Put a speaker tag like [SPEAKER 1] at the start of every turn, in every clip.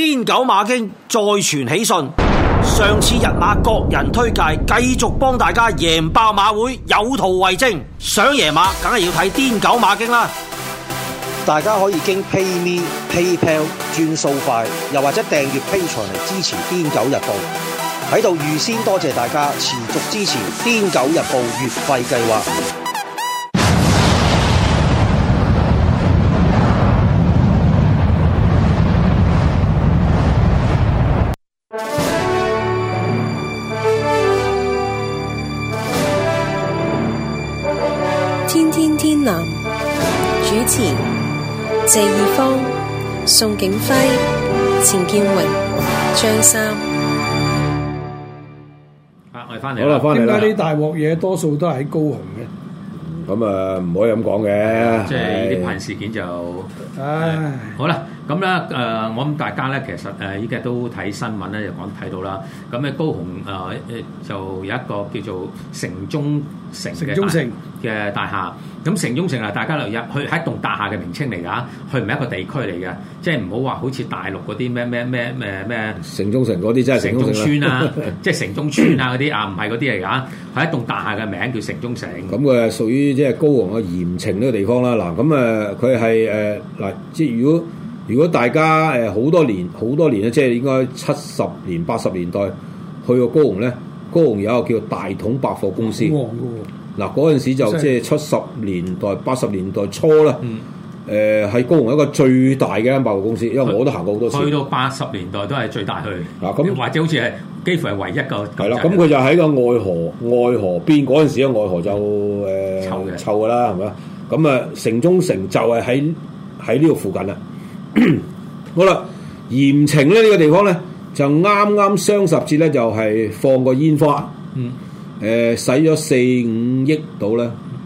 [SPEAKER 1] 癲狗馬經再傳喜訊，上次日馬各人推介，繼續幫大家贏爆馬會，有圖為證。想贏馬，梗係要睇癲狗馬經啦！大家可以經 PayMe、PayPal 轉數快，又或者訂閱 P 彩嚟支持癲狗日報。喺度預先多謝大家持續支持癲狗日報月費計劃。
[SPEAKER 2] 謝義方、宋景輝、
[SPEAKER 1] 錢建榮、張三，啊，我哋翻嚟，點解
[SPEAKER 3] 呢大鑊嘢多數都係喺高雄嘅？
[SPEAKER 1] 咁、嗯嗯、啊，唔可以咁講嘅，即係呢啲噴
[SPEAKER 2] 事件就，唉，啊、好啦，咁咧誒，我諗大家咧，其實誒，依、呃、家都睇新聞咧，就講睇到啦。咁咧，高雄誒、呃，就有一個叫做城中城嘅大嘅大廈。咁城中城啊，大家留意，佢係一棟大廈嘅名稱嚟噶，佢唔係一個地區嚟嘅，即係唔好話好似大陸嗰啲咩咩咩咩咩，
[SPEAKER 1] 城中城嗰啲真係城，城，城中村啊，
[SPEAKER 2] 即係城中村啊嗰啲啊，唔係嗰啲嚟噶，係一棟大廈嘅名，叫城中城。
[SPEAKER 1] 咁佢係屬於即係高雄嘅鹽埕呢個地方啦。嗱，咁啊，佢係誒嗱，即係如果如果大家誒好多年好多年咧，即係應該七十年八十年代去過高雄咧，高雄有一個叫大統百貨公司。嗱，嗰陣時就即係七十年代八十、嗯、年代初啦，誒喺、嗯呃、高雄一個最大嘅百貨公司，因為我都行過好多次，去到
[SPEAKER 2] 八十年代都係最大去。嗱咁、啊、或者好似係幾乎係唯一,一個係啦。
[SPEAKER 1] 咁佢就喺個愛河愛河邊，嗰陣時愛河就誒臭嘅臭嘅啦，係咪啊？咁啊，城中城就係喺喺呢個附近啦。 好啦，鹽埕咧呢、呢個地方咧，就啱啱雙十節咧就係、是、放個煙花。嗯誒使咗四五億到咧，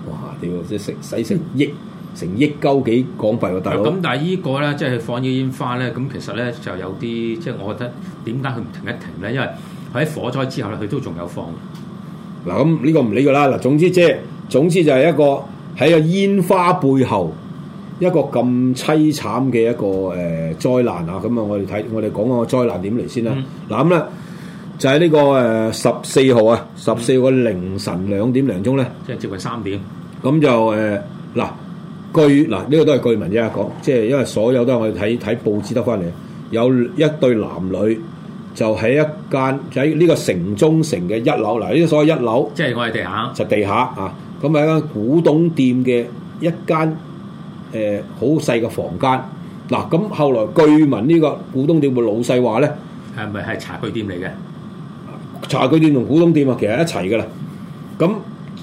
[SPEAKER 1] 哇！屌，即係使使成億，成億鳩幾港幣喎、啊，大佬。咁、嗯、
[SPEAKER 2] 但係依個咧，即係放咗煙花咧，咁其實咧就有啲，即係我覺得點解佢唔停一停咧？因為喺火災之後咧，佢都仲有放。
[SPEAKER 1] 嗱，咁呢個唔理佢啦。嗱，總之即係總之就係一個喺個煙花背後一個咁淒慘嘅一個誒災難啊！咁啊，我哋睇我哋講個災難點嚟先啦。嗱咁啦。就喺呢、這個誒十四號啊，十四號嘅凌晨兩點零鐘咧、
[SPEAKER 2] 呃這個，即係接近三點。
[SPEAKER 1] 咁就誒嗱，據嗱呢個都係據聞啫，講即係因為所有都係我哋睇睇報紙得翻嚟。有一對男女就喺一間就喺呢個城中城嘅一樓，嗱呢個所謂一樓，即係我哋地下，就地下啊。咁喺間古董店嘅一間誒好細嘅房間。嗱、啊、咁後來據聞呢個古董店嘅老細話咧，
[SPEAKER 2] 係咪係茶具店嚟嘅？
[SPEAKER 1] 茶具店同古董店啊，其實一齊噶啦。咁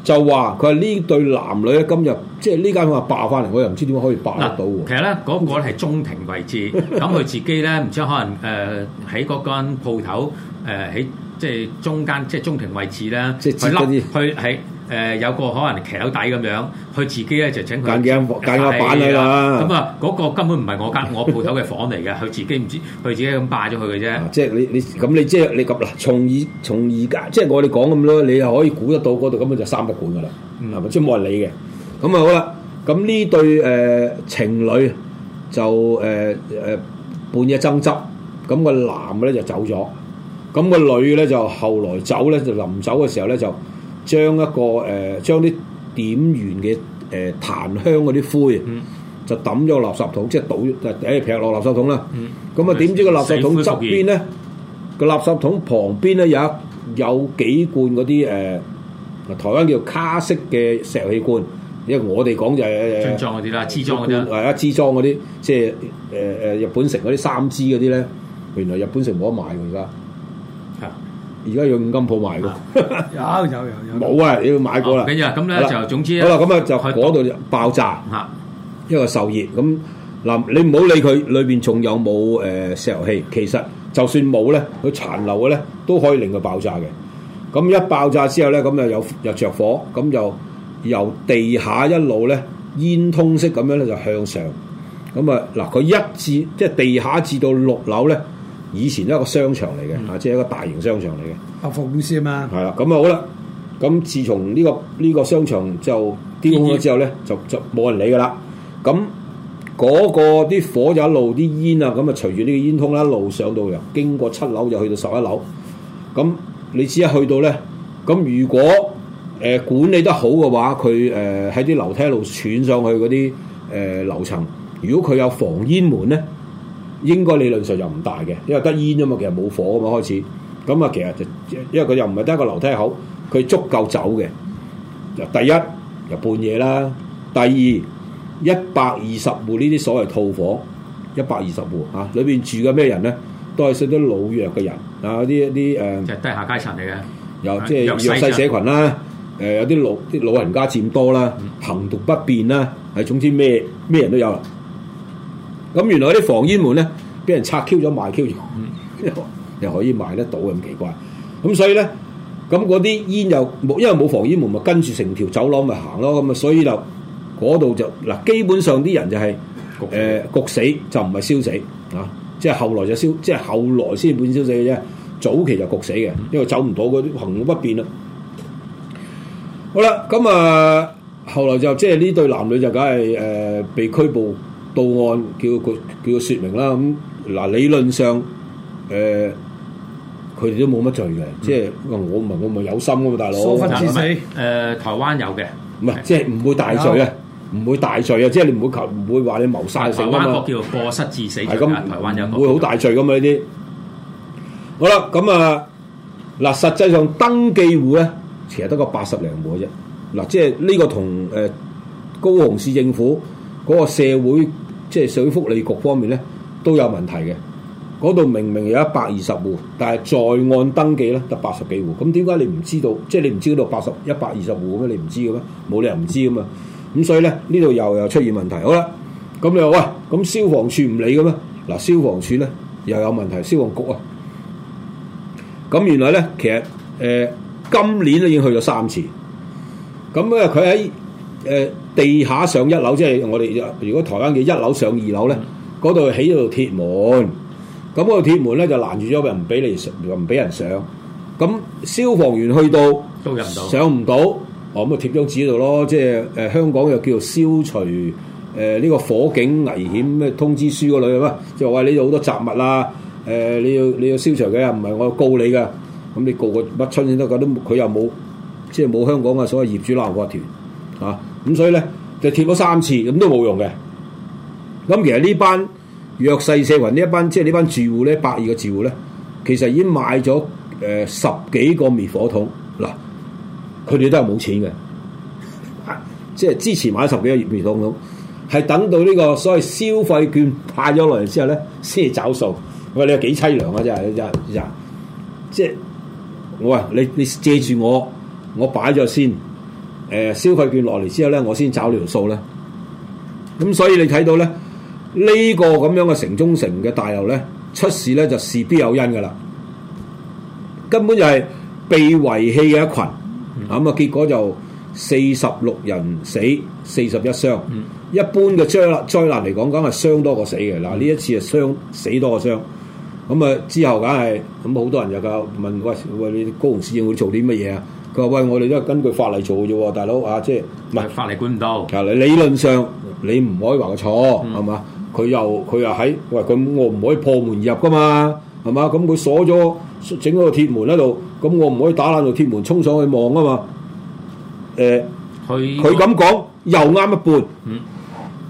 [SPEAKER 1] 就話佢係呢對男女咧，今日即係呢間鋪啊，爆翻嚟，我又唔知點解可以爆得到。其實
[SPEAKER 2] 咧，嗰個係中庭位置，咁佢 自己咧唔知可能誒喺嗰間鋪頭，誒喺即係中間，即係中庭位置咧，即係執笠去喺。誒、呃、有個可能騎樓底咁樣，佢自己咧就請佢間板啦。咁啊，嗰、那個根本唔係我間我鋪頭嘅房嚟嘅，佢 自己唔知，佢自己咁霸咗佢嘅啫。
[SPEAKER 1] 即係你、就是、你咁你即係你咁嗱，從而從而家即係我哋講咁咯，你又可以估得到嗰度根本就三不管噶啦，係咪？即係冇人理嘅。咁、嗯、啊好啦，咁呢對誒、呃、情侶就誒誒、呃呃、半夜爭執，咁、那個男嘅咧就走咗，咁、那個女嘅咧就後來走咧，就臨走嘅時候咧就。將一個將啲、呃、點完嘅檀香嗰啲灰，嗯、就抌咗落垃圾桶，即係倒誒撇落垃圾桶啦。咁啊點知個垃圾桶側邊呢？個垃圾桶旁邊呢？有幾罐嗰啲、呃、台灣叫卡式嘅石油氣罐，因為我哋講就係樽裝
[SPEAKER 2] 嗰啲啦，支裝嗰啲，
[SPEAKER 1] 係一支裝嗰啲，即係、呃、日本城嗰啲三支嗰啲呢。原來日本城冇得賣㗎而家。而家用五金鋪賣嘅，有
[SPEAKER 3] 有有有。冇
[SPEAKER 1] 啊，你要買過啦。咁啊，咁咧了就總之好啦，咁啊就喺嗰度爆炸，因為的受熱。咁嗱，你唔好理佢裏邊仲有冇誒、呃、石油氣，其實就算冇咧，佢殘留嘅咧都可以令佢爆炸嘅。咁一爆炸之後咧，咁啊有又着火，咁就由地下一路咧煙通式咁樣咧就向上。咁啊嗱，佢一至即係地下至到六樓咧。以前都係一個商場嚟嘅，啊，嗯、即係一個大型商場嚟嘅。
[SPEAKER 3] 客服公司啊嘛，係
[SPEAKER 1] 啦，咁啊好啦，咁自從呢、這個呢、這個商場就丟空咗之後咧，就就冇人理噶啦。咁嗰、那個啲火就一路啲煙啊，咁啊隨住呢個煙通啦，一路上到又經過七樓就去到十一樓。咁你只一去到咧，咁如果誒、呃、管理得好嘅話，佢誒喺啲樓梯路串上去嗰啲誒樓層，如果佢有防煙門咧。應該理論上又唔大嘅，因為得煙啊嘛，其實冇火啊嘛開始，咁啊其實就因為佢又唔係得個樓梯口，佢足夠走嘅。第一又半夜啦，第二一百二十戶呢啲所謂套房，一百二十戶啊，裏邊住嘅咩人咧，都係識得老弱嘅人啊，啲一啲誒，呃、就低
[SPEAKER 2] 下階層嚟嘅，
[SPEAKER 1] 又即、即係、弱勢社群啦，誒、呃、有啲老啲老人家佔多啦，行動、嗯、不便啦，係總之咩咩人都有啦。咁原來啲防煙門咧，俾人拆 q 咗賣 q 咗，又可以賣得到咁奇怪。咁所以咧，咁嗰啲煙又冇，因為冇防煙門，咪跟住成條走廊咪行咯。咁啊，所以那裡就嗰度就嗱，基本上啲人就係、是、誒焗，死、呃、焗死，就唔係燒死啊！即係後來就燒，即係後來先變燒死嘅啫。早期就焗死嘅，因為走唔到嗰啲行路不便啦。好啦，咁、嗯、啊，後來就即係呢對男女就梗係誒被拘捕。到案，叫佢叫佢説明啦。咁嗱，理論上誒佢哋都冇乜罪嘅，嗯、即係我唔係我唔係有心噶嘛，大佬疏忽致死，
[SPEAKER 2] 誒台灣有嘅
[SPEAKER 1] 唔係，即係唔會大罪啊，唔、嗯、會大罪啊，罪對即係你唔會求唔會話你謀殺死啊嘛，叫
[SPEAKER 2] 過失致死，係咁，台灣有
[SPEAKER 1] 唔會好大罪咁啊。呢啲好啦咁啊，嗱實際上登記戶咧其實得個八十零戶啫。嗱，即係呢個同誒、呃、高雄市政府。嗰個社會即係社會福利局方面咧都有問題嘅，嗰度明明有一百二十戶，但係在案登記咧得八十幾戶，咁點解你唔知道？即係你唔知道八十一百二十戶嘅咩？你唔知嘅咩？冇理由唔知噶嘛？咁所以咧呢度又又出現問題，好啦，咁你話喂，咁消防處唔理嘅咩？嗱，消防處咧又有問題，消防局啊，咁原來咧其實誒今年已經去咗三次，咁誒佢喺誒。呃地下上一樓，即係我哋如果台灣叫一樓上二樓咧，嗰度起咗道鐵門，咁個鐵門咧就攔住咗，咪唔俾你上，唔俾人上。咁消防員去到，都入唔到，上唔到，哦咁啊貼張紙喺度咯，即係誒、呃、香港又叫做消除誒呢、呃呢個火警危險咩通知書嗰類啊嘛，就話、是哎、你有好多雜物啊，誒、呃、你要你要消除嘅，唔係我告你噶，咁、嗯、你告個乜春先得噶？都佢又冇，即係冇香港嘅所謂業主鬧法團嚇。啊。咁所以咧，就貼咗三次，咁都冇用嘅。咁其實呢班弱勢社群呢一班，即係呢班住戶咧，百二個住戶咧，其實已經買咗誒、呃、十幾個滅火筒。嗱，佢哋都係冇錢嘅、啊，即係之前買十幾個滅滅火筒，係等到呢個所謂消費券派咗落嚟之後咧，先至找數、哎啊。喂，你你幾凄涼啊！真係真係，即係我話你你借住我，我擺咗先。誒消費券落嚟之後咧，我先找呢條數咧。咁所以你睇到咧呢、呢個咁樣嘅城中城嘅大樓咧出事咧，就事必有因噶啦，根本就係被遺棄嘅一群。咁、嗯、啊結果就四十六人死，四十一傷。嗯、一般嘅災災難嚟講，梗係傷多過死嘅。嗱呢一次係傷死多過傷。咁、嗯、啊之後梗係咁好多人又夠問喂、喂你高雄市政府做啲乜嘢啊？佢話：喂，我哋都係根據法例做啫，大佬啊，即係唔係法例管唔到？係理論上你唔可以話佢錯，係嘛、嗯？佢又佢又喺喂，咁我唔可以破門入噶嘛？係嘛？咁佢鎖咗整個鐵門喺度，咁我唔可以打爛個鐵門，衝上去望啊嘛？誒，
[SPEAKER 2] 佢佢
[SPEAKER 1] 咁講又啱一半。嗯，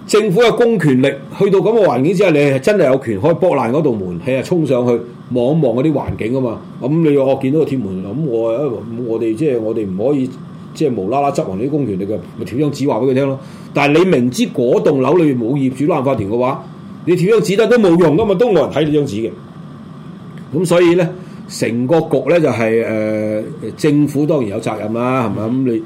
[SPEAKER 1] 政府嘅公權力去到咁嘅環境之下，你係真係有權可以破爛嗰道門，係啊，衝上去。望一望嗰啲環境啊嘛，咁、嗯、你我見到個鐵門，咁、嗯、我我哋即係我哋唔可以即係無啦啦執行啲公權力嘅，咪貼張紙話俾佢聽咯。但係你明知嗰棟樓裏面冇業主立案法團嘅話，你貼張紙得都都冇用噶嘛，都冇人睇呢張紙嘅。咁、嗯、所以咧，成個局咧就係、是、誒、呃、政府當然有責任啦，係咪咁你？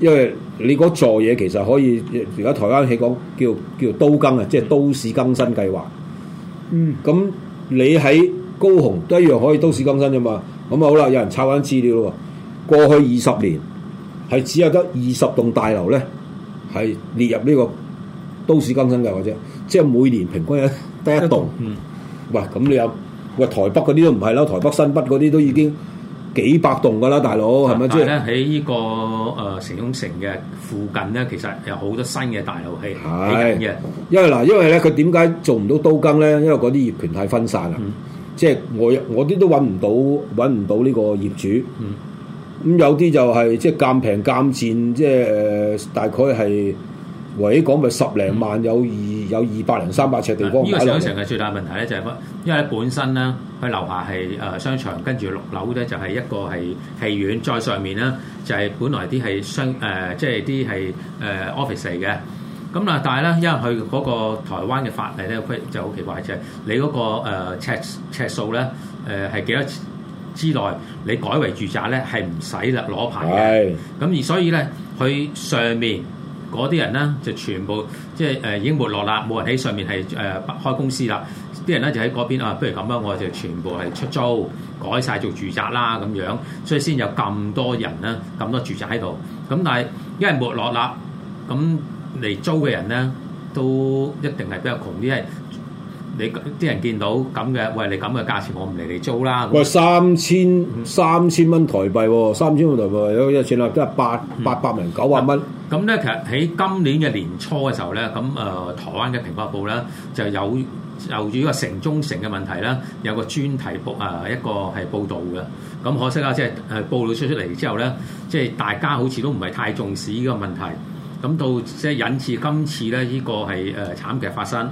[SPEAKER 1] 因為你嗰座嘢其實可以，而家台灣起講叫做叫，叫做都更啊，即係都市更新計劃。嗯。咁、嗯、你喺～高雄都一樣可以都市更新啫嘛，咁啊好啦，有人抄翻資料咯。過去二十年係只有得二十棟大樓咧係列入呢個都市更新嘅，或者係即係每年平均一得一棟、嗯喂你有。喂，咁你有喂台北嗰啲都唔係啦，台北新北嗰啲都已經幾百棟㗎啦，大佬係咪即但係咧
[SPEAKER 2] 喺呢個誒、呃、城中城嘅附近咧，其實有好多新嘅大樓係係
[SPEAKER 1] 因為嗱，因為咧佢點解做唔到都更咧？因為嗰啲業權太分散啦。嗯即係我我啲都揾唔到揾唔到呢個業主，
[SPEAKER 2] 咁、
[SPEAKER 1] 嗯嗯、有啲就係即係咁平咁賤，即係誒大概係，我哋講咪十零萬、嗯、有二有二百零三百尺地方買落。呢、啊這個商
[SPEAKER 2] 場係最大問題咧，就係、是、乜？因為本身咧佢樓下係誒、呃、商場，跟住六樓咧就係一個係戲院，再上面咧就係、是、本來啲係商誒、呃、即係啲係誒 office 嚟嘅。咁啊！但係咧，因為佢嗰個台灣嘅法例咧，就好奇怪，就係、是、你嗰個尺、呃、尺、呃、數咧，係、呃、幾多之內，你改為住宅咧係唔使啦攞牌嘅。咁而是的 所以咧，佢上面嗰啲人咧就全部即係、呃、已經沒落啦，冇人喺上面係誒、呃、開公司啦。啲人咧就喺嗰邊啊，不如咁啦，我就全部係出租，改晒做住宅啦咁樣。所以先有咁多人啦，咁多住宅喺度。咁但係因為沒落啦，咁。嚟租嘅人咧，都一定係比較窮啲，因你啲人見到咁嘅，喂，你咁嘅價錢我唔嚟你租啦。喂，
[SPEAKER 1] 三千三千蚊台幣喎，三千蚊台幣有有錢啦，即係八八百零九百蚊。
[SPEAKER 2] 咁咧、嗯，其實喺今年嘅年初嘅時候咧，咁誒台灣嘅蘋果報咧就有就有住一個城中城嘅問題啦，有個專題報啊一個係報導嘅。咁可惜啊，即係誒報導出出嚟之後咧，即係大家好似都唔係太重視呢個問題。咁到即係引致今次咧依、這個係誒、呃、慘劇發生。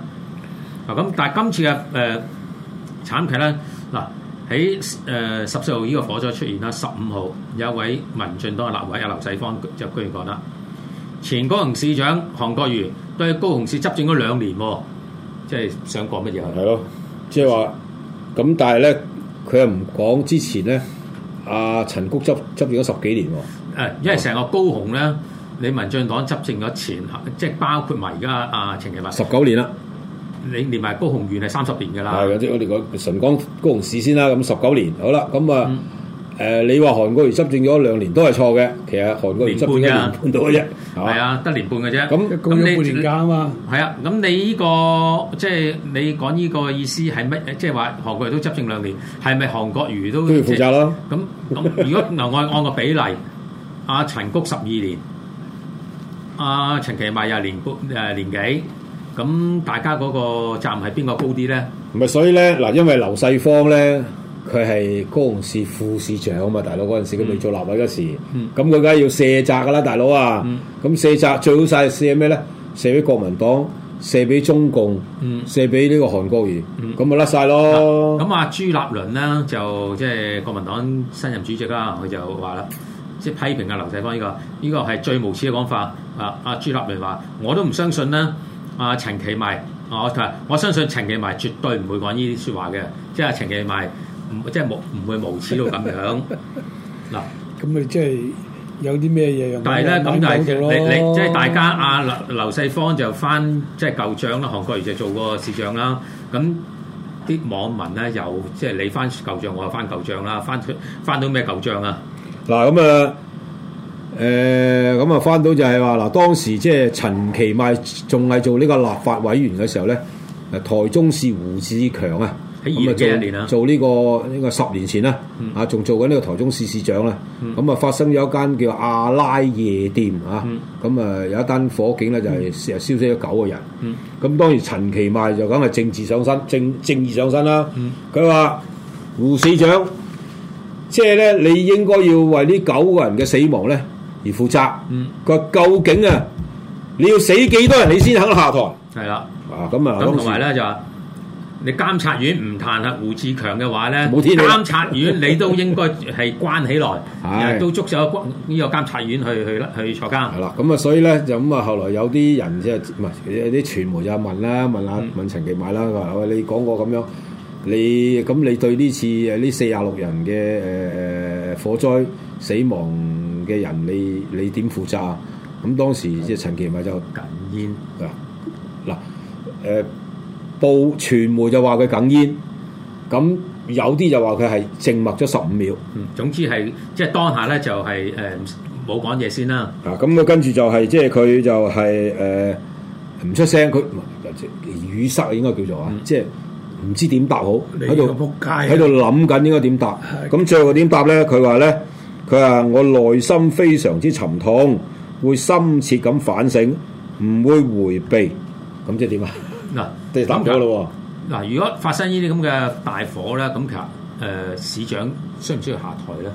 [SPEAKER 2] 嗱咁，但係今次嘅誒、呃、慘劇咧，嗱喺誒十四號呢個火災出現啦，十五號有一位民進黨立委阿劉世芳就居然講啦，前高雄市長韓國瑜對高雄市執政咗兩年，哦、即係想講乜嘢啊？係咯，即係話
[SPEAKER 1] 咁，但係咧佢又唔講之前咧，阿陳菊執執咗嗰十幾年喎。
[SPEAKER 2] 誒、因為成個高雄咧。你民進黨執政咗前，即係包括埋而家啊陳其邁，十、呃、九年啦。你連埋高雄縣係三十年嘅啦。
[SPEAKER 1] 係，即我哋講晨江高雄市先啦。咁十九年，好啦，咁啊，誒、嗯呃，你話韓國瑜執政咗兩年都係錯嘅。其實韓國瑜執政一年，年半到嘅啫，
[SPEAKER 2] 係啊，得年半嘅啫。咁咁樣半年假啊嘛。係啊，咁你呢、這個即係、就是、你講呢個意思係乜？即係話韓國瑜都執政兩年，係咪韓國瑜都要負責咯？咁咁，如果嗱我按個比例，阿、 啊、陳菊十二年。阿陳其邁廿年半誒年幾？咁大家嗰個站係邊個高啲咧？
[SPEAKER 1] 唔係，所以咧嗱，因為劉世芳咧，佢係高雄市副市長啊嘛，大佬。嗰陣時佢未做立委嗰時，咁佢梗係要卸責噶啦，大佬啊，咁卸責最好曬卸咩咧？卸俾國民黨，卸俾中共，卸俾呢個韓國瑜，咁咪甩曬咯。
[SPEAKER 2] 咁阿朱立倫咧就即係國民黨新任主席啦，佢就話啦。即係批評啊、呢個，劉世芳呢個呢個係最無恥嘅講法。啊啊，朱立明話我都唔相信啦。阿、啊、陳其邁，啊、我我相信陳其邁絕對唔會講呢啲説話嘅，即係阿陳其邁唔即係冇唔會無恥到咁樣嗱。
[SPEAKER 3] 咁啊，即係有啲咩嘢用？但係咧，咁就係你你即係大家
[SPEAKER 2] 阿劉世芳就翻即係舊帳啦。韓國瑜就做過市長啦。咁啲網民咧又即係你翻舊帳，我又翻舊帳啦。翻翻到咩舊帳啊？嗱咁啊，
[SPEAKER 1] 誒咁啊翻到就係、是、話，嗱、嗯、當時即係陳其邁仲係做呢個立法委員嘅時候咧，台中市胡志強啊，喺二零年啊，做呢、這個呢、這個十年前啦，啊仲做緊呢個台中市市長啊。咁、嗯、啊、嗯、發生咗一間叫阿拉夜店啊，咁、嗯、啊、嗯嗯、有一單火警咧就係成日燒死咗九個人，咁、嗯、當然陳其邁就梗係政治上身，正正義上身啦，佢、啊、話、嗯、胡市長。即係咧，是你應該要為呢九個人嘅死亡咧而負責。佢、嗯、究竟啊，你要死幾多人，你先肯下
[SPEAKER 2] 台？係啦的。啊，咁啊，咁同埋咧就話，你監察院唔彈劾胡志強嘅話咧，監察院你都應該係關起來， 的都捉咗呢個監察院去去去坐監。係啦，
[SPEAKER 1] 咁啊，所以咧就咁啊，後來有啲人即係唔係啲傳媒就問啦、啊，問啊，問，啊、嗯、問陳其邁啦，佢話你講過咁樣。你咁，你對呢次誒呢四十六人嘅誒誒火災死亡嘅人，你你點負責？咁當時即係陳其邁就哽咽啊，嗱，誒報傳媒就話佢哽咽，咁有啲就話佢係靜默咗十五秒。嗯，
[SPEAKER 2] 總之係即係當下咧就係誒冇講嘢先啦。
[SPEAKER 1] 啊、嗯，咁、嗯、佢、嗯、跟住就係即係佢就係誒唔出聲，佢語塞應該叫做啊，即係、嗯。就是唔知點答好，喺度喺度諗緊應該點答，咁的最後點答咧？佢話咧，佢話我內心非常之沉痛，會深切咁反省，唔會迴避，咁即係點啊？
[SPEAKER 2] 嗱
[SPEAKER 1] 那，答唔到啦喎！
[SPEAKER 2] 嗱，如果發生呢啲咁嘅大火咧，咁其實誒、呃、市長需唔需要下台咧？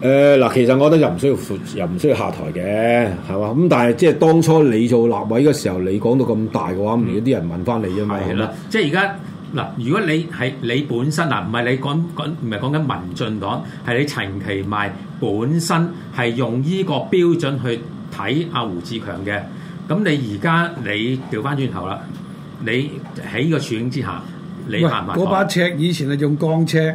[SPEAKER 1] 誒嗱、呃，其實我覺得又唔需要，又唔需要下台嘅，係嘛？咁但係即係當初你做立委嘅時候，你講到咁大嘅話，咁而家啲人問翻你嘅嘛？係啦
[SPEAKER 2] 的，嗎即係而家嗱，如果你係你本身嗱，唔係你講是講唔係講緊民進黨，係你陳其邁本身係用依個標準去睇阿胡志強嘅。咁你而家你調翻轉頭啦，你喺呢個處境之下，你行嗰把
[SPEAKER 3] 尺，以前係用鋼尺。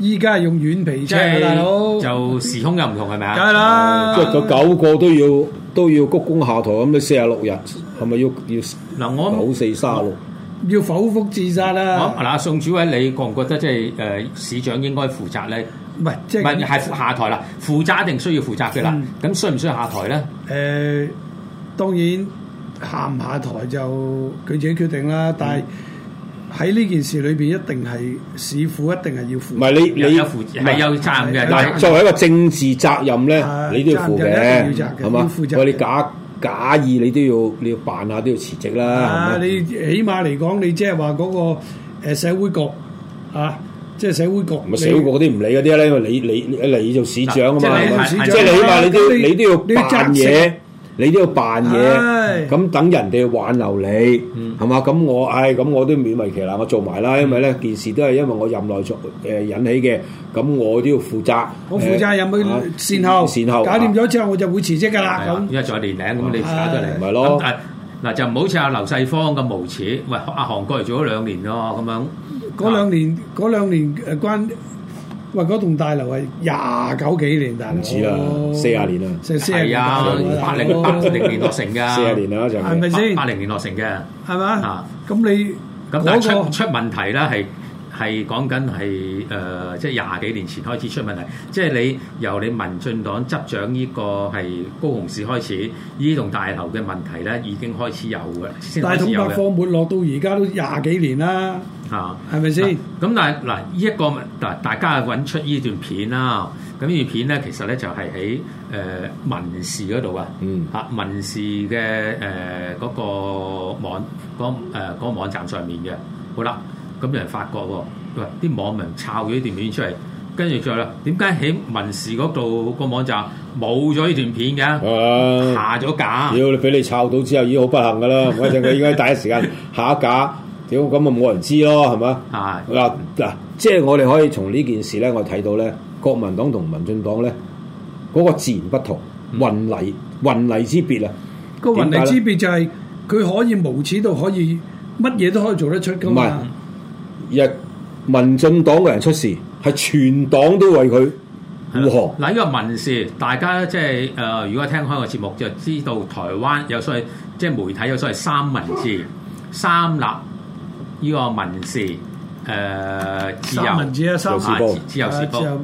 [SPEAKER 3] 依家用軟皮車，大佬
[SPEAKER 2] 就時空又唔同係
[SPEAKER 3] 咪
[SPEAKER 1] 啊？梗係咯，即係九個都要都要鞠躬下台咁，你四啊六日，係咪
[SPEAKER 2] 要要？嗱，我九四三六要剖腹自殺啦！嗱，宋、啊、主委，你覺唔覺得即係誒、呃、市長應該負責咧？唔係即係係下台啦？負責一定需要負責嘅啦，咁需唔需要下台咧？誒、呃，當然下唔
[SPEAKER 3] 下台就佢自己決定啦，但係、嗯。喺呢件事裏邊，一定係市府，一定係要負，唔係你你唔係有責任。嗱，作為一個政
[SPEAKER 1] 治責任咧，你都要負嘅，係嘛？喂，你假假意，你都要你要辦下，都要辭職啦。你起
[SPEAKER 3] 碼嚟講，你即係話嗰個社會局啊，即係社會局。咪社會局
[SPEAKER 1] 啲唔理嗰啲咧，因為你你你做市長啊嘛，即係你起碼你都你都要辦嘢。你都要扮嘢，咁等人哋挽留你，係嘛？咁我，唉，咁我都勉為其難，我做埋啦。因為咧，件事都係因為我任內做誒引起嘅，咁我都要負責。我負責任善後？
[SPEAKER 2] 善後。搞掂咗之後，我就會辭職噶啦。咁而家再年齡，咁你辭咗嚟，唔係咯？嗱就唔好似阿劉世芳咁無恥。喂，阿韓國嚟做咗兩年咯，咁樣嗰兩年
[SPEAKER 3] 嗰兩年關。喂，嗰棟大樓係廿九幾年大樓，唔止啦，
[SPEAKER 1] 四十年啦，係啊，八零八零年落成㗎四十年啦就係咪先？八零
[SPEAKER 2] 年落成㗎係、那個、吧那咁你咁但出,、嗰個、出問問題啦，係。係講緊係誒，即係廿幾年前開始出問題。即係你由你民進黨執掌呢個係高雄市開始，呢棟大樓嘅問題咧已經開始有嘅，先開始有嘅。但係大統
[SPEAKER 3] 百貨沒落到而家都廿幾年啦，
[SPEAKER 2] 嚇係咪先？咁但係嗱，一個嗱，大家揾出呢段片啦。咁呢段片咧，其實咧就係喺誒民視嗰度、嗯、啊，嗯嚇民視嘅誒嗰個網嗰誒、嗰個呃嗰個、網站上面嘅。好啦。咁人發覺喎，喂！啲網民抄咗段片出嚟，跟住再啦，點解喺民視嗰度個網站冇咗呢段片嘅？啊、下咗架！屌
[SPEAKER 1] 你，俾你抄到之後已經好不幸噶啦，我哋 應該第一時間下架。屌，咁啊冇人知咯，係咪？是的啊嗱嗱，即、就、係、是、我哋可以從呢件事咧，我睇到咧，國民黨同民進黨咧嗰、那個自然不同，雲泥雲泥之別啦。
[SPEAKER 3] 個、嗯、雲泥之別就係佢可以無恥到可以乜嘢都可以做得出噶嘛。
[SPEAKER 1] 日民進黨嘅人出事，係全黨都為佢護航。
[SPEAKER 2] 嗱，呢、這個民事，大家即係誒，如果聽開個節目就知道台灣有所謂即係媒體有所謂三文治、三立呢、這個民事誒、呃、自由。三文治啊，三立自由、自由時報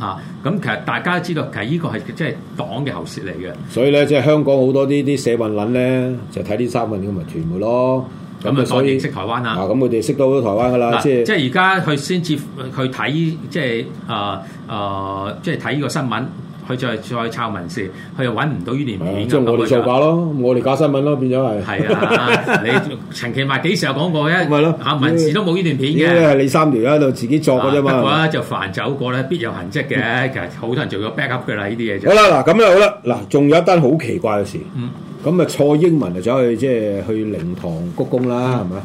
[SPEAKER 2] 啊，咁其實大家都知道，其實呢個係即係黨嘅喉舌嚟嘅。
[SPEAKER 1] 所以咧，即、就、係、是、香港好多的呢啲社運撚咧，就睇呢三文嘅咪全部咯。咁啊，所以認識台灣啦。嗱，咁佢哋識到好多台灣噶啦，即係即係
[SPEAKER 2] 而家佢先至去睇，即係啊啊，即係睇呢個新聞，佢再再抄文字，佢又揾唔到呢段片。即係我哋作
[SPEAKER 1] 假咯，我哋假新聞咯，變咗係。
[SPEAKER 2] 係啊，你陳其邁幾時有講過嘅？咪咯，文字都冇呢段片嘅。你
[SPEAKER 1] 三條喺度自己作嘅啫嘛。
[SPEAKER 2] 就凡走過咧，必有痕跡嘅。其實好多人做咗 backup 嘅啦，呢啲嘢。好啦，嗱
[SPEAKER 1] 咁又好啦，嗱仲有一單好奇怪嘅事。嗯。咁啊，蔡英文就走去即係去靈堂鞠躬啦，係咪、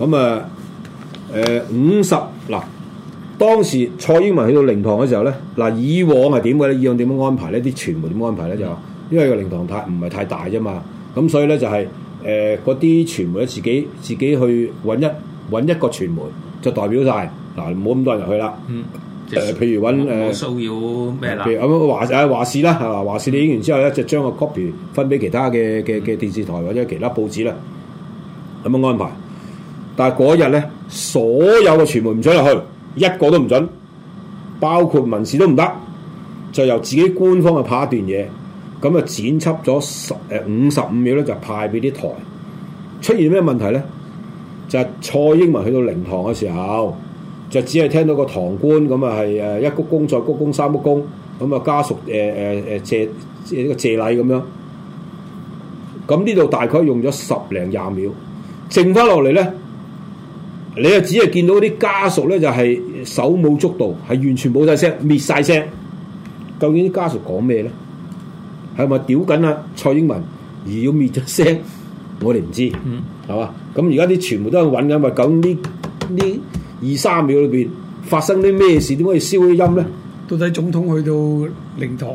[SPEAKER 1] 嗯？咁啊，誒、呃、五十嗱，當時蔡英文去到靈堂嘅時候咧，嗱以往係點嘅咧？以往點樣，樣安排咧？啲傳媒點安排咧？嗯、就因為個靈堂太唔係太大啫嘛，咁所以咧就係誒嗰啲傳媒咧自己自己去揾一揾一個傳媒就代表晒，嗱唔好咁多人入去啦。嗯。
[SPEAKER 2] 誒，譬
[SPEAKER 1] 如揾誒、嗯、
[SPEAKER 2] 騷擾咩啦？譬如咁、
[SPEAKER 1] 嗯、華誒華視啦，係嘛，華視你影完之後咧，就將個 copy 分俾其他嘅嘅嘅電視台或者其他報紙啦，咁樣安排，但係嗰日咧，所有嘅傳媒唔想入去，一個都唔准，包括民視都唔得，就是、由自己官方嘅拍一段嘢，咁啊剪輯咗十誒五十五秒咧，就派俾啲台。出現咩問題咧？就係、是、蔡英文去到靈堂嘅時候。就只係聽到個堂官咁啊，係一鞠躬再鞠躬三鞠躬，咁啊家屬誒誒誒謝呢個謝禮咁樣。咁呢度大概用咗十零廿秒，剩翻落嚟咧，你啊只係見到啲家屬咧就係、是、手舞足蹈，係完全冇晒聲，滅晒聲。究竟啲家屬講咩咧？係咪屌緊啊蔡英文而要滅咗聲？我哋唔知，係嘛、嗯？咁而家啲全部都係揾緊嘛？咁呢呢？二三秒裏邊發生啲咩事？點可以燒啲音咧？到底總統去到靈堂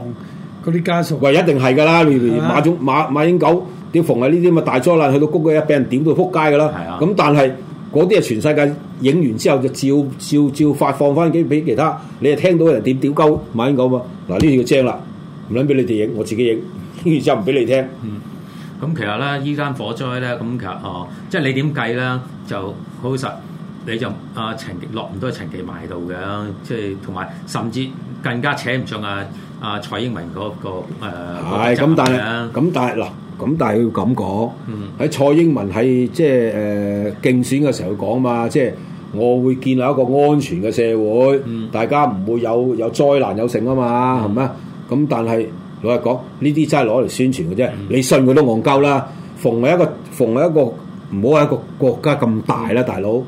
[SPEAKER 1] 嗰啲家屬？喂，一定係噶啦！馬總馬馬英九，點逢係呢啲咁嘅大災難，去到谷嘅一，俾人點到扑街噶啦！咁是、啊、但係嗰啲係全世界影完之後就照照照發放翻幾俾其他，你係聽到人點屌鳩馬英九嘛？嗱、啊，呢條正啦，唔諗俾你哋影，我自己影，跟住之後唔俾你聽。
[SPEAKER 2] 咁、嗯、其實咧，火災呢間火災咧，咁其實哦，即係你點計咧，就好實。你就阿陳、呃、落唔多陳記埋度嘅，即係同埋甚至更加扯唔上阿、啊、阿、啊、蔡英文嗰個，誒咁
[SPEAKER 1] 但係，咁但係嗱，咁但係要咁講，喺、嗯、蔡英文喺即係誒競選嘅時候講嘛，即、就、係、是、我會建立一個安全嘅社會，嗯、大家唔會有有災難有剩啊嘛，係咪啊？咁但係老實講，呢啲真係攞嚟宣傳嘅啫，嗯、你信佢都戇鳩啦！逢係一個逢係一個唔好喺一個國家咁大啦，大佬。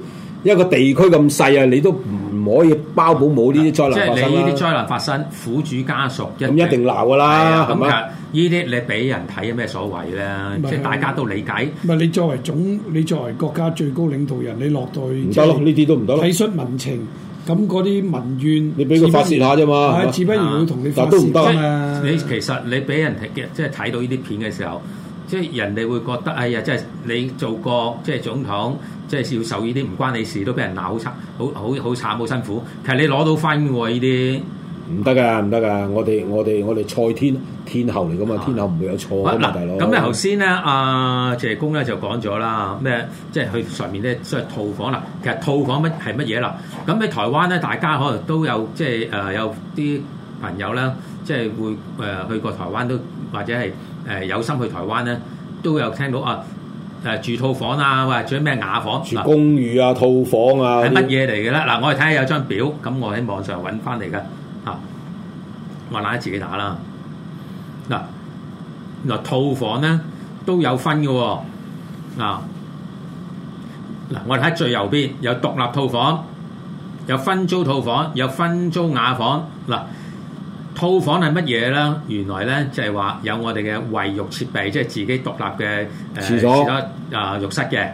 [SPEAKER 1] 一個地區咁細啊，你都唔可以包保冇呢啲災難發生。即係你呢啲
[SPEAKER 2] 災難發生，苦主家屬咁一定鬧噶啦。咁啊，呢啲你俾人睇有咩所謂咧？即係大家都理解。
[SPEAKER 3] 唔係你作為總，你作為國家最高領導人，你落袋。得咯，呢
[SPEAKER 2] 啲都唔得咯。睇出
[SPEAKER 3] 民情，咁嗰啲民怨。你俾佢發泄下啫嘛。係啊，至不如要同你。嗱都唔得啊！
[SPEAKER 2] 你其實你俾人睇嘅，即係睇到呢啲片嘅時候，即係人哋會覺得哎呀，即係你做過，即係總統。即係要受呢啲唔關你事都俾人鬧好慘，好好好慘好辛苦。其實你攞到分喎呢啲，唔得噶唔得噶！我哋我哋我
[SPEAKER 1] 哋錯天天后嚟噶嘛，天后唔會有錯、啊啊、大佬哥。咁咧頭
[SPEAKER 2] 先咧，阿、呃、謝公咧就講咗啦，咩即係佢上面咧即係套房啦。其實套房乜係乜嘢啦？咁喺台灣咧，大家可能都有即係誒有啲朋友咧，即、就、係、是、會誒、呃、去過台灣都或者係誒、呃、有心去台灣咧，都有聽到啊。呃誒住套房，房、啊、房啊，或者咩雅房？住公
[SPEAKER 1] 寓啊，套房啊，係乜嘢嚟
[SPEAKER 2] 嘅咧？嗱，我哋睇下有張表，咁我喺網上揾翻嚟嘅嚇，我懶得自己打啦。嗱、啊，嗱、啊、套房咧都有分嘅喎，嗱、啊啊，我哋睇最右邊有獨立套房，有分租套房，房，有分租雅房，嗱、啊。套房係乜嘢咧？原來咧就係話有我哋嘅衛浴設備，即係自己獨立嘅廁所啊浴室嘅。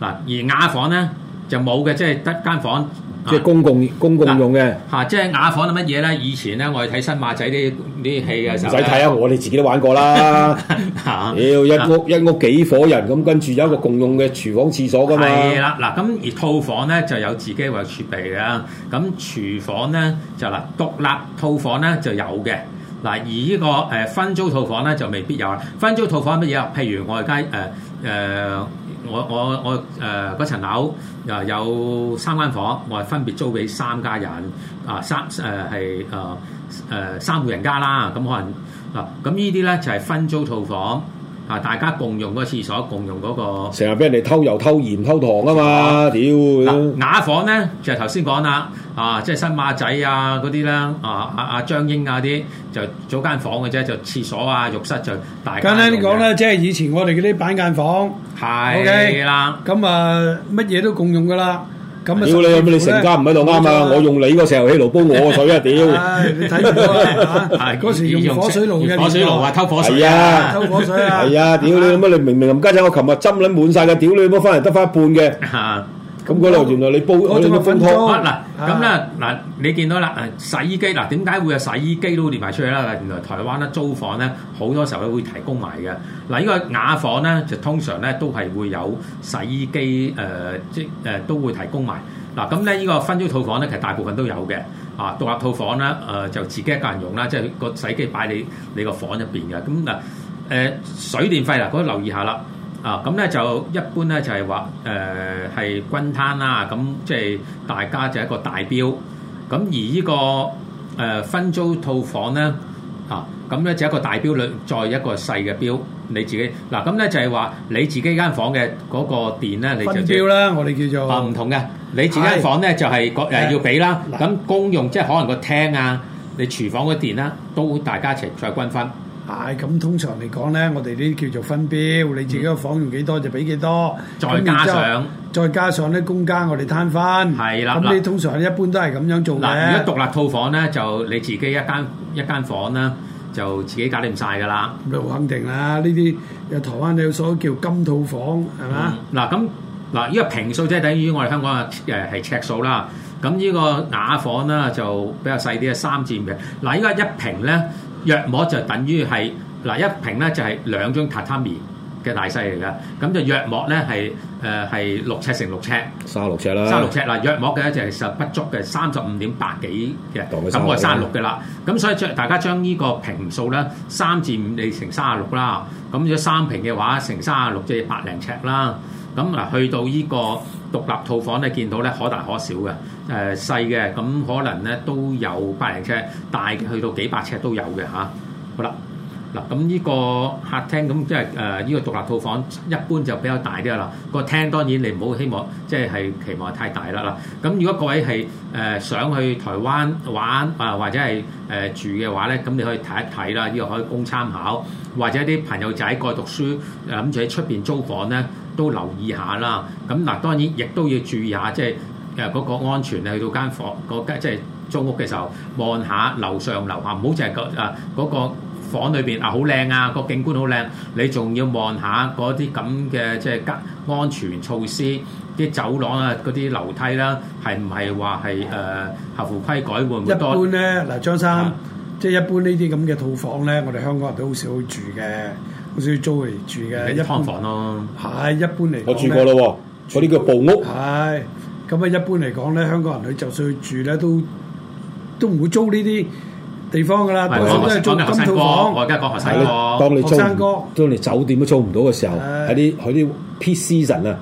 [SPEAKER 2] 嗱，而雅房咧就冇嘅，即係得間房。即係
[SPEAKER 1] 公共、啊、公共用嘅，
[SPEAKER 2] 嚇、啊啊！即係雅房啊乜嘢咧？以前咧，我哋睇新馬仔啲啲戲嘅時候唔使睇啊！我
[SPEAKER 1] 哋自己都玩過啦，
[SPEAKER 2] 嚇、 啊哎！一屋
[SPEAKER 1] 一屋幾伙人咁，啊、跟住有一個共用嘅廚房、廁所噶嘛。係啦，
[SPEAKER 2] 嗱、啊、咁而套房咧就有自己嘅設備啦。咁、啊、廚房咧就嗱獨立套房咧就有嘅，嗱、啊、而呢個誒分租套房咧就未必有。分租套房係乜嘢啊？譬如我哋喺誒誒。呃呃我我我誒嗰層樓啊，有三間房，我係分別租俾三家人啊，三誒係誒誒三戶人家啦，咁可能啊咁、呃、呢啲咧就係、是、分租套房。啊！大家共用嗰個廁所，共用嗰、嗰個成
[SPEAKER 1] 日俾人哋偷油、偷鹽、偷糖啊嘛！
[SPEAKER 2] 屌、啊！雅、啊、房咧就頭先講啦，啊，即係新馬仔啊嗰啲啦，啊啊啊張瑛啊啲就租間房嘅啫，就廁所啊、浴室就大家。簡單啲
[SPEAKER 3] 講咧，即係以前我哋嗰啲板間房
[SPEAKER 2] 係啦，咁的、
[SPEAKER 3] okay? 啊乜嘢都共用噶啦。咁屌你，咁你成家
[SPEAKER 2] 唔喺
[SPEAKER 1] 度啱啊！我用你依個石油氣爐煲我個水啊！屌，你睇住嗰
[SPEAKER 2] 時用火水爐嘅，火
[SPEAKER 1] 水爐話偷火水，係啊，偷火水啊！係啊！屌你，乜你明明林家仔？我琴日斟卵滿晒嘅，屌你，咁翻嚟得翻一半嘅。咁嗰度原來你報我做個分租，嗱，
[SPEAKER 2] 咁咧，嗱你見到啦，誒洗衣機，嗱，點解會有洗衣機都連埋出去啦？原來台灣咧，租房咧，好多時候咧，會提供埋嘅。嗱呢個雅房咧，就通常咧，都係會有洗衣機誒、呃、即誒、呃、都會提供埋。嗱，咁咧，呢個分租套房咧，其實大部分都有嘅啊。獨立套房咧，誒、呃、就自己一個人用啦，即係個洗衣機擺你你個房入邊嘅。咁，嗱，誒水電費嗱，各位留意下啦。啊，咁咧就一般咧就係話誒係均攤啦，咁即係大家就係一個大標，咁而呢、這個誒、呃、分租套房咧，啊咁咧就一個大標率再一個細嘅標，你自己嗱咁咧就係話你自己間房嘅嗰個電咧，你就分標啦，我哋叫做啊唔同嘅，你自己間房咧就係個要俾啦，咁是、啊啊、公用即係可能個廳啊、你廚房嘅電啦，都大家一齊再均分。
[SPEAKER 3] 係咁，哎、通常嚟講咧，我哋呢啲叫做分標，你自己
[SPEAKER 2] 個房用幾多就俾幾多，嗯，
[SPEAKER 3] 再加上再加上咧公間我哋攤分，係啦的。咁你通常一般都係咁樣做嗱，如果獨
[SPEAKER 2] 立套房咧，就你自己一間一間房啦，就自己搞掂曬噶啦。
[SPEAKER 3] 好肯定啦，呢啲有台灣有所叫金套房，係嘛，嗯？
[SPEAKER 2] 嗱吧，咁嗱、嗯，因為坪數即係等於我哋香港啊誒係尺數啦。咁呢個雅房咧就比較細啲，三至五。嗱，依家一坪咧。藥膜就等於係嗱一坪咧就係兩張榻榻米嘅大細嚟㗎，咁就藥膜咧係誒係六尺乘六尺，三十六尺啦，三十六尺啦。藥膜嘅就係實不足嘅三十五點八幾嘅，咁我係三十六㗎啦。咁所以將大家將呢個坪數咧三至五你乘三十六啦，咁如果三坪嘅話乘三十六即係百零尺啦，咁嗱去到呢個。獨立套房咧，見到咧可大可小嘅，誒細嘅咁可能咧都有百零尺，大嘅去到幾百尺都有嘅吓、啊，好啦，嗱咁呢個客廳咁即係誒呢個獨立套房一般就比較大啲啦。個廳當然你唔好希望即係係期望太大啦。咁如果各位係誒、呃、想去台灣玩啊或者係誒、呃、住嘅話咧，咁你可以睇一睇啦，呢、呢個可以供參考，或者啲朋友仔過讀書誒諗住喺出邊租房咧。都留意下啦，咁嗱當然亦都要注意下，即係誒嗰個安全咧。去到間房嗰間即係租屋嘅時候，望下樓上樓下，唔好淨係個誒嗰個房裏邊啊好靚啊個景觀好靚，你仲要望下嗰啲咁嘅即係吉安全措施，啲走廊啊嗰啲樓梯啦，係唔係話係誒合乎規改換好多？一般
[SPEAKER 3] 咧嗱，張生即係一般呢啲咁嘅套房咧，我哋香港人都好少去住嘅。好似租嚟住嘅，劏房咯。係一般嚟，我
[SPEAKER 1] 住過咯。坐呢個布屋。
[SPEAKER 3] 係咁啊！一般嚟講咧，香港人佢就算去住咧，都都唔會租呢啲地方噶啦。多數都係租金鋪
[SPEAKER 1] 房。我而家講學生哥，當你租，當你酒店都租唔到嘅時候，喺啲喺啲 PC 人啊，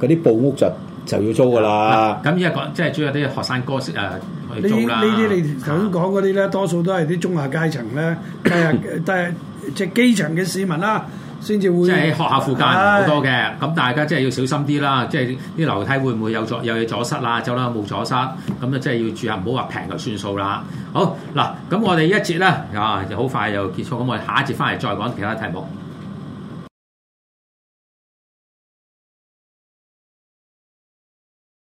[SPEAKER 1] 嗰啲布屋就就要租噶啦。
[SPEAKER 2] 咁而家講即係主要啲學生哥式啊，呢啲
[SPEAKER 3] 你頭先講嗰啲咧，多數都係啲中下階層咧，係。即係機場嘅市民啦、啊，先至會即係喺學校附近好多嘅，
[SPEAKER 2] 咁對大家即係要小心啲啦。即係啲樓梯會唔會有阻有嘢阻塞啊？走啦冇阻塞，咁啊即係要注意下，唔好話平就算數啦。好嗱，咁我哋一節咧啊，就好快又結束，咁我哋下一節翻嚟再講其他題目。